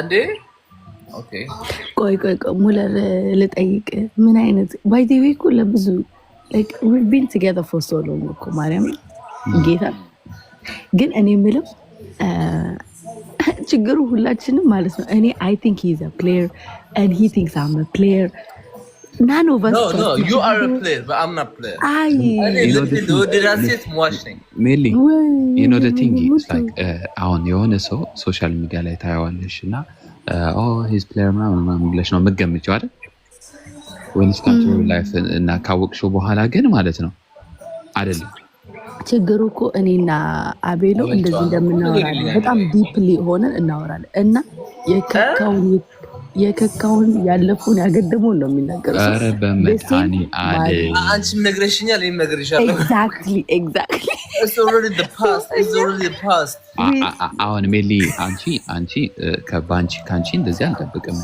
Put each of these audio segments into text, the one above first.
እንዴ ቆይ ቆይ ቆይ ሙለር ልጠይቅ። ምን አይነት ባይቴቤ እኮ ለብዙ ቢን ትገዘ ፎሶ ነው እኮ ማርያም ጌታ። ግን እኔ የምለው ችግሩ ሁላችንም ማለት ነው። እኔ አይ ቲንክ ሂዝ አ ፕሌየር ኤንድ ሂ ቲንክስ አም አ ፕሌየር None of us. No, no, you are a player, but I'm not player. I. You know the you know the thing is like uh, አሁን የሆነ ሰው ሶሻል ሚዲያ ላይ ታየዋለሽ እና ሂዝ ፕሌየር ምናምን ብለሽ ነው የምትገምጪው አይደል? ወይንስ ካንትሪ ላይፍ እና ካወቅሽው በኋላ ግን ማለት ነው አይደለም። ችግሩ እኮ እኔና አቤሎ እንደዚህ እንደምናወራለን በጣም ዲፕሊ ሆነን እናወራለን እና የከካውን የከካውን ያለፉን ያገደመውን ነው የሚናገረው። ኧረ በመድኃኒ አንቺም ነግረሽኛል፣ ይህም ነግሬሻለሁ። አሁን ሜሊ አንቺ አንቺ ከባንቺ ከአንቺ እንደዚህ አልጠብቅም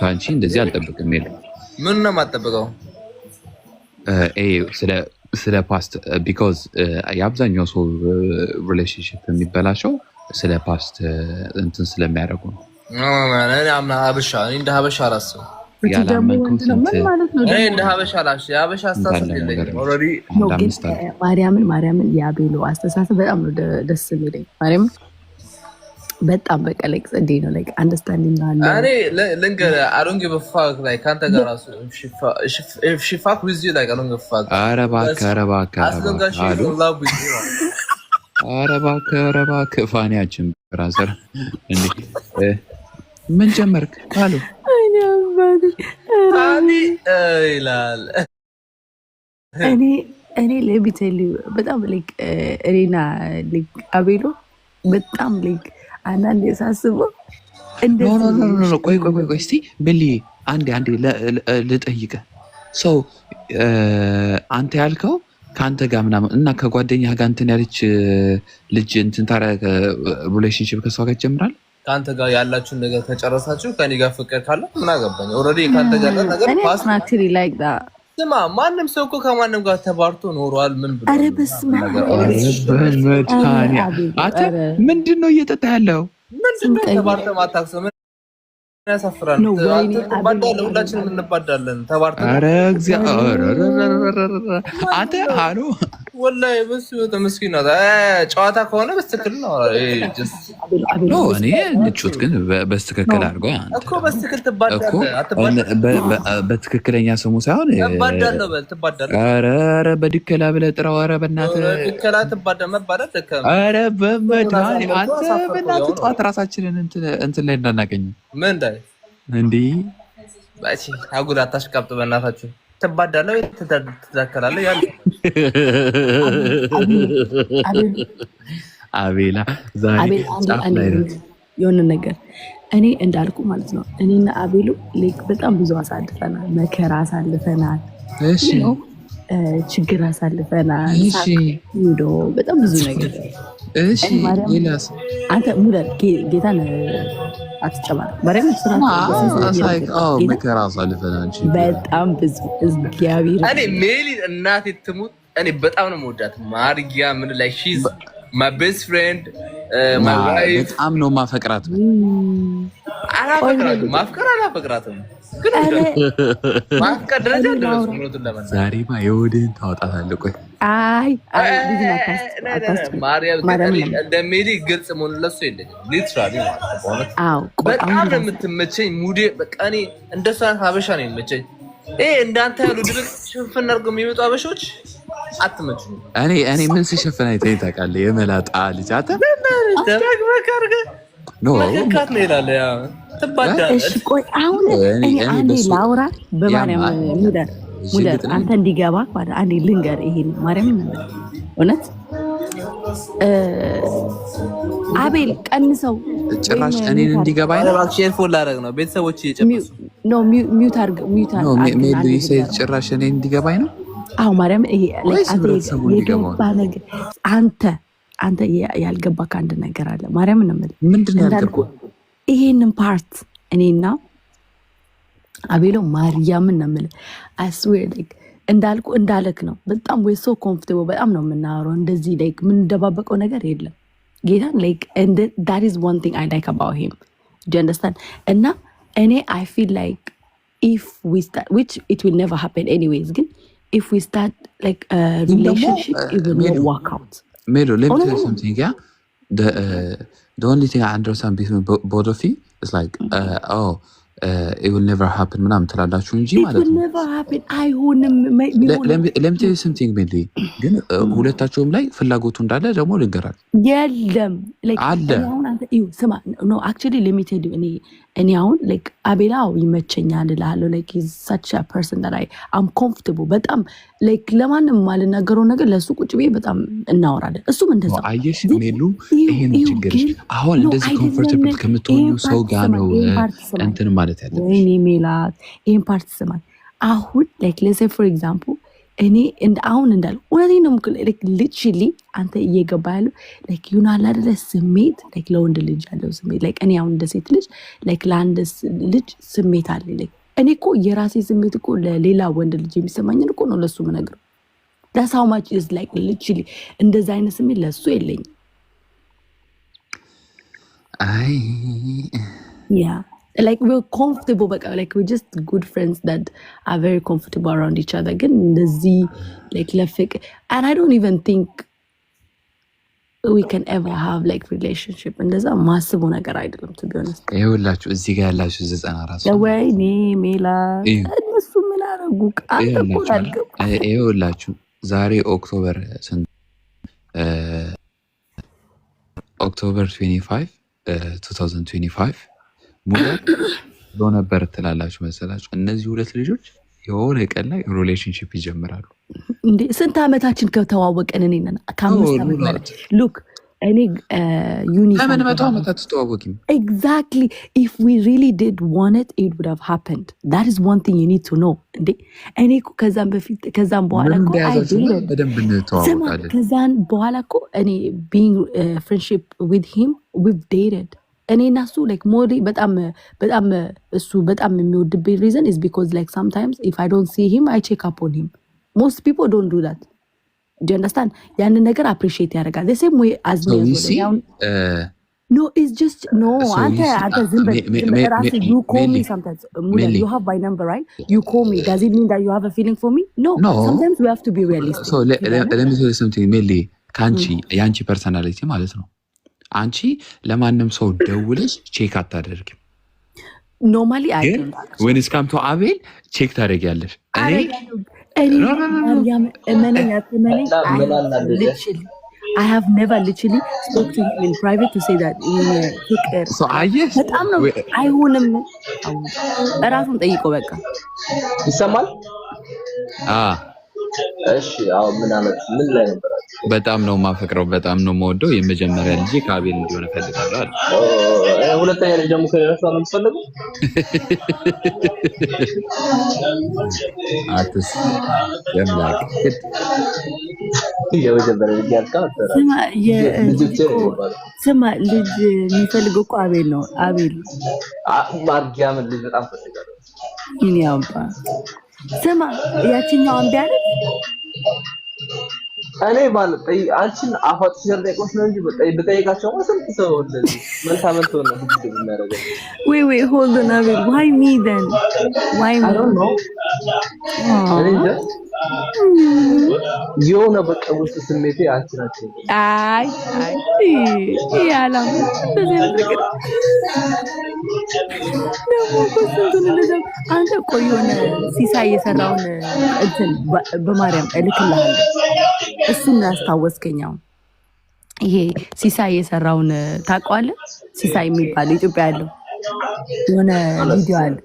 ከአንቺ እንደዚህ አልጠብቅም። ሜል ምን ነው የማጠብቀው? ስለ ፓስት ቢኮዝ የአብዛኛው ሰው ሪሌሽንሽፕ የሚበላሸው ስለ ፓስት እንትን ስለሚያደርጉ ነው። ሀበሻ እንደ ሀበሻ አላስብም። ማርያምን ማርያምን የአቤሎ አስተሳሰብ በጣም ነው ደስ የሚለኝ። ማርያም በጣም በቃ ላይ ጸዴ ነው ላይ አንደርስታንዲንግ አለ። እኔ ልንገርህ አሮንጌ በፋክ ላይ ከአንተ ጋር ራሱ ሽፋክ ዊዝ ላይ አሮንጌ በፋክ አረ እባክህ አረ ላ አስገንጋሽ ላ ኧረ እባክህ ኧረ እባክህ ፋኒያችን ብራዘር እንዴ ምን ጀመርክ አሉ ይላል። እኔ እኔ ለሚተል በጣም ልክ እኔና ልክ አቤሎ በጣም ላይክ አንዳንድ የሳስበው እንደዚህ ቆይ ቆይ ቆይ እስቲ ብሊ አንዴ አንዴ ልጠይቅህ ሰው አንተ ያልከው ከአንተ ጋር ምናምን እና ከጓደኛ ጋር እንትን ያለች ልጅ እንትን ታዲያ ሪሌሽንሽፕ ከሷ ጋር ይጀምራል። ከአንተ ጋር ያላችሁን ነገር ከጨረሳችሁ ከኔ ጋር ፍቅር ካለ ምን አገባኝ። ኦልሬዲ ከአንተ ጋር ያለ ነገር ስማ፣ ማንም ሰው እኮ ከማንም ጋር ተባርቶ ኖሯል። ምን ብሎ ምንድን ነው እየጠጣ ያለው? ምንድን ነው ተባርተ ማታክሰ ያሳፍራል። ትባዳለህ፣ እንባዳለን። ተባርተ አንተ ወላሂ ተመስኪን ጨዋታ ከሆነ በስትክክል ነው። እኔ ግን በስትክክል አድርጎ በስትክክል በትክክለኛ ስሙ ሳይሆን በድከላ ብለህ ጥራው። ኧረ በእናትህ ኧረ አንተ በእናትህ ጠዋት ራሳችንን እንትን ላይ እንዳናገኝ ምን እንዲህ አጉል አታሽቃብጥ በእናታችሁ ትባዳለህ ወይ ትታከላለህ? ያ አቤላ ዛሬ የሆነ ነገር እኔ እንዳልኩ ማለት ነው። እኔና አቤሉ ሌክ በጣም ብዙ አሳልፈናል። መከራ አሳልፈናል። ችግር አሳልፈናል። ዶ በጣም ብዙ ነገር እሺ። አንተ ሙለር ጌታን በጣም ብዙ እግዚአብሔር እኔ ሜሊ እናቴ ትሙት እኔ በጣም ነው መወዳት። ማርጊያ ምን ላይ ሺዝ ማይ ቤስት ፍሬንድ በጣም ነው ማፈቅራት አላፈቅራትም። ማፍቀር አላፈቅራትም፣ ግን ማፍቀር ደረጃ አልደረስኩም። ለመናገር ዛሬማ የወደን ታወጣታለህ። ቆይ ማርያም ግልጽ መሆን ለሱ የለኝም። ሊትራሊ በጣም ነው የምትመቸኝ። ሙዴ በቃ እኔ እንደሱ አይነት ነው እንዳንተ ያሉ ድርቅ ሽንፍን አድርገው የሚመጡ አበሾች እኔ እኔ ምን አይተኸኝ ታውቃለህ? የመላጣ ልጅ አተ ደግመህ አድርገህ መተካት ነው ይላል። ቆይ አሁን አንዴ ላውራ በማርያም ሙዳር ሙዳር አንተ እንዲገባ አንዴ ልንገር ይሄን ማርያም እውነት አቤል ቀንሰው ጭራሽ እኔን እንዲገባ ሼርፎን ላደርግ ነው። ቤተሰቦች ጭራሽ እኔን እንዲገባኝ ነው። አዎ ማርያም ይሄ አንተ አንተ ያልገባ ከአንድ ነገር አለ። ማርያም እንምል ምንድን ይሄንን ፓርት እኔና አቤሎ ማርያምን እንምል አስዌር እንዳልኩ እንዳለክ ነው። በጣም ወይ ሰው ኮንፍቴቦ በጣም ነው የምናወራው። እንደዚህ ላይክ የምንደባበቀው ነገር የለም። ጌታን ላይክ ዳት ኢዝ ዋን ቲንግ አይ ላይክ አባው ሂም ዱ እና እኔ አይ ፊል ላይክ ኢፍ ዊ ስታርት ዊች ኢት ዊል ኔቨር ሃፐን ኤኒዌይዝ ግን ኢፍ ዊ ስታርት ላይክ ሪሌሽንሽፕ ኢት ዋክ አውት Meru, let me oh, tell you no. something. Yeah, the uh, the only thing I understand between both of you is like, uh, oh, uh, it will never happen it will never happen አይሆንም መ- ለ- የሚሆነው ለሚ- let me tell you something You know, who let like, for ሜድሊ ግን uh, ሁለታቸውም ላይ ፍላጎቱ Yeah, them like, I don't know. እዩ ስማ፣ ኖ አክቹዋሊ ሊሚቴድ እኔ አሁን ላይክ አቤላ ይመቸኛል እልሃለሁ። ላይክ ሳች ፐርሰን ዳት አይ አም ኮምፎርታብል በጣም ላይክ ለማንም ማልናገረው ነገር ለእሱ ቁጭ ብዬ በጣም እናወራለን። እሱም እንደዛ አየሽ፣ ሜሉ ይሄን ችግር አሁን እንደዚህ ኮምፈርታብል ከምትሆኑ ሰው ጋር ነው እንትን ማለት ያለ። ወይኔ ሜላት፣ ይሄን ፓርት ስማል አሁን ላይክ ለሴ ፎር ኤግዛምፕል እኔ እንደ አሁን እንዳለ እውነት ነው ልችሊ አንተ እየገባ ያለው ዩን አላደለ ስሜት ለወንድ ልጅ ያለው ስሜት እኔ አሁን እንደ ሴት ልጅ ለአንድ ልጅ ስሜት አለ። እኔ እኮ የራሴ ስሜት እኮ ለሌላ ወንድ ልጅ የሚሰማኝን እኮ ነው ለሱ ምነግር ለሳውማች ስ ላይ ልችሊ እንደዛ አይነት ስሜት ለሱ የለኝም። አይ ያ like we're comfortable በቃ like we're just good friends that are very comfortable around each other ግን እንደዚህ like ለፍቅር and I don't even think we can ever have like relationship And there's a massive እንደዛ I ነገር አይደለም to be honest ይኸውላችሁ እዚህ ጋር ያላችሁ ዘጠና ራሱ ወይኔ ሜላ እነሱ ምን አረጉ ይኸውላችሁ ዛሬ ኦክቶበር ስንት ኦክቶበር 25 eh, 2025 ሙሉ ነበር ትላላችሁ መሰላችሁ። እነዚህ ሁለት ልጆች የሆነ ቀን ላይ ሪሌሽንሽፕ ይጀምራሉ። እንዴ ስንት ዓመታችን ከተዋወቀን? እኔ ከአምስት እኔ ዩኒ ለምን መቶ ዓመታት ኤግዛክትሊ ኢፍ ዊ ሪሊ ዲድ ዋንት ኢት ውድ ሃቭ ሃፐንድ ኢዝ ዋን ቲንግ ዩ ኒድ ቱ ኖ። እንዴ እኔ እኮ ከዛም በፊት ከዛም በኋላ በደንብ እንተዋወቃለን። በኋላ እኮ እኔ ቢንግ ፍሬንድሺፕ ዊዝ ሂም ዊቭ ዴትድ እኔና እሱ ላይክ ሞዴ በጣም በጣም እሱ በጣም የሚወድብኝ ሪዘን ኢዝ ቢኮዝ ላይክ ሳምታይምስ ኢፍ አይ ዶንት ሲ ሂም አይ ቼክ አፕ ኦን ሂም ሞስት ፒፖ ዶንት ዱ ዳት ዱ አንደርስታንድ ያንን ነገር አፕሪሺየት ያደርጋል ሴም ወይ አዝሚ ኖ ኢዝ ጀስት ኖ አንተ አንተ uh, ዝም በል ራስህ ዩ ኮል ሚ ሳምታይምስ ዩ ሃቭ ማይ ነምበር ራይት ዩ ኮል ሚ ዳዝ ኢት ሚን ዳት ዩ ሃቭ አ ፊሊንግ ፎር ሚ ኖ ሳምታይምስ ዊ ሃቭ ቱ ቢ ሪያሊስቲክ ሶ ሌት ሚ ቴል ሜሊ ከአንቺ የአንቺ ፐርሰናሊቲ ማለት ነው አንቺ ለማንም ሰው ደውለሽ ቼክ አታደርግም። ኖርማሊ ወን ስካምቶ አቤል ቼክ ታደርጊያለሽ። በጣም ነው አይሆንም። እራሱን ጠይቆ በቃ ይሰማል። እሺ ምን ምን ላይ ነበር? በጣም ነው የማፈቅረው፣ በጣም ነው የምወደው። የመጀመሪያ ልጅ ከአቤል እንዲሆን እፈልጋለሁ አለ። ሁለተኛ ልጅ ደግሞ አትስ ስማ፣ ልጅ የሚፈልገው እኮ አቤል ነው። አቤል ማርጊያምን ልጅ በጣም ፈልጋለሁ። ይኔ አባ ስማ፣ ያችኛው አንቢያለት እኔ ባል አንቺን አፋጥ ሲያደቆስ ነው እንጂ በጣይ በጠይቃቸው ሰው እንደዚህ መልታ መልቶ ነው ብዙ የሚያደርገው። ወይ ወይ ሆልድ ኦን አቤል ዋይ ሚ ደን ዋይ ሚ የሆነ በቃ ውስጥ ስሜቴ አንቺ ናቸው። አይ አይ ያላም አንተ ቆይ የሆነ ሲሳይ የሰራውን እንትን በማርያም እልክልሃለሁ እሱን ያስታወስገኛው ይሄ ሲሳይ የሰራውን ታውቀዋለህ? ሲሳይ የሚባል ኢትዮጵያ ያለው የሆነ ቪዲዮ አለ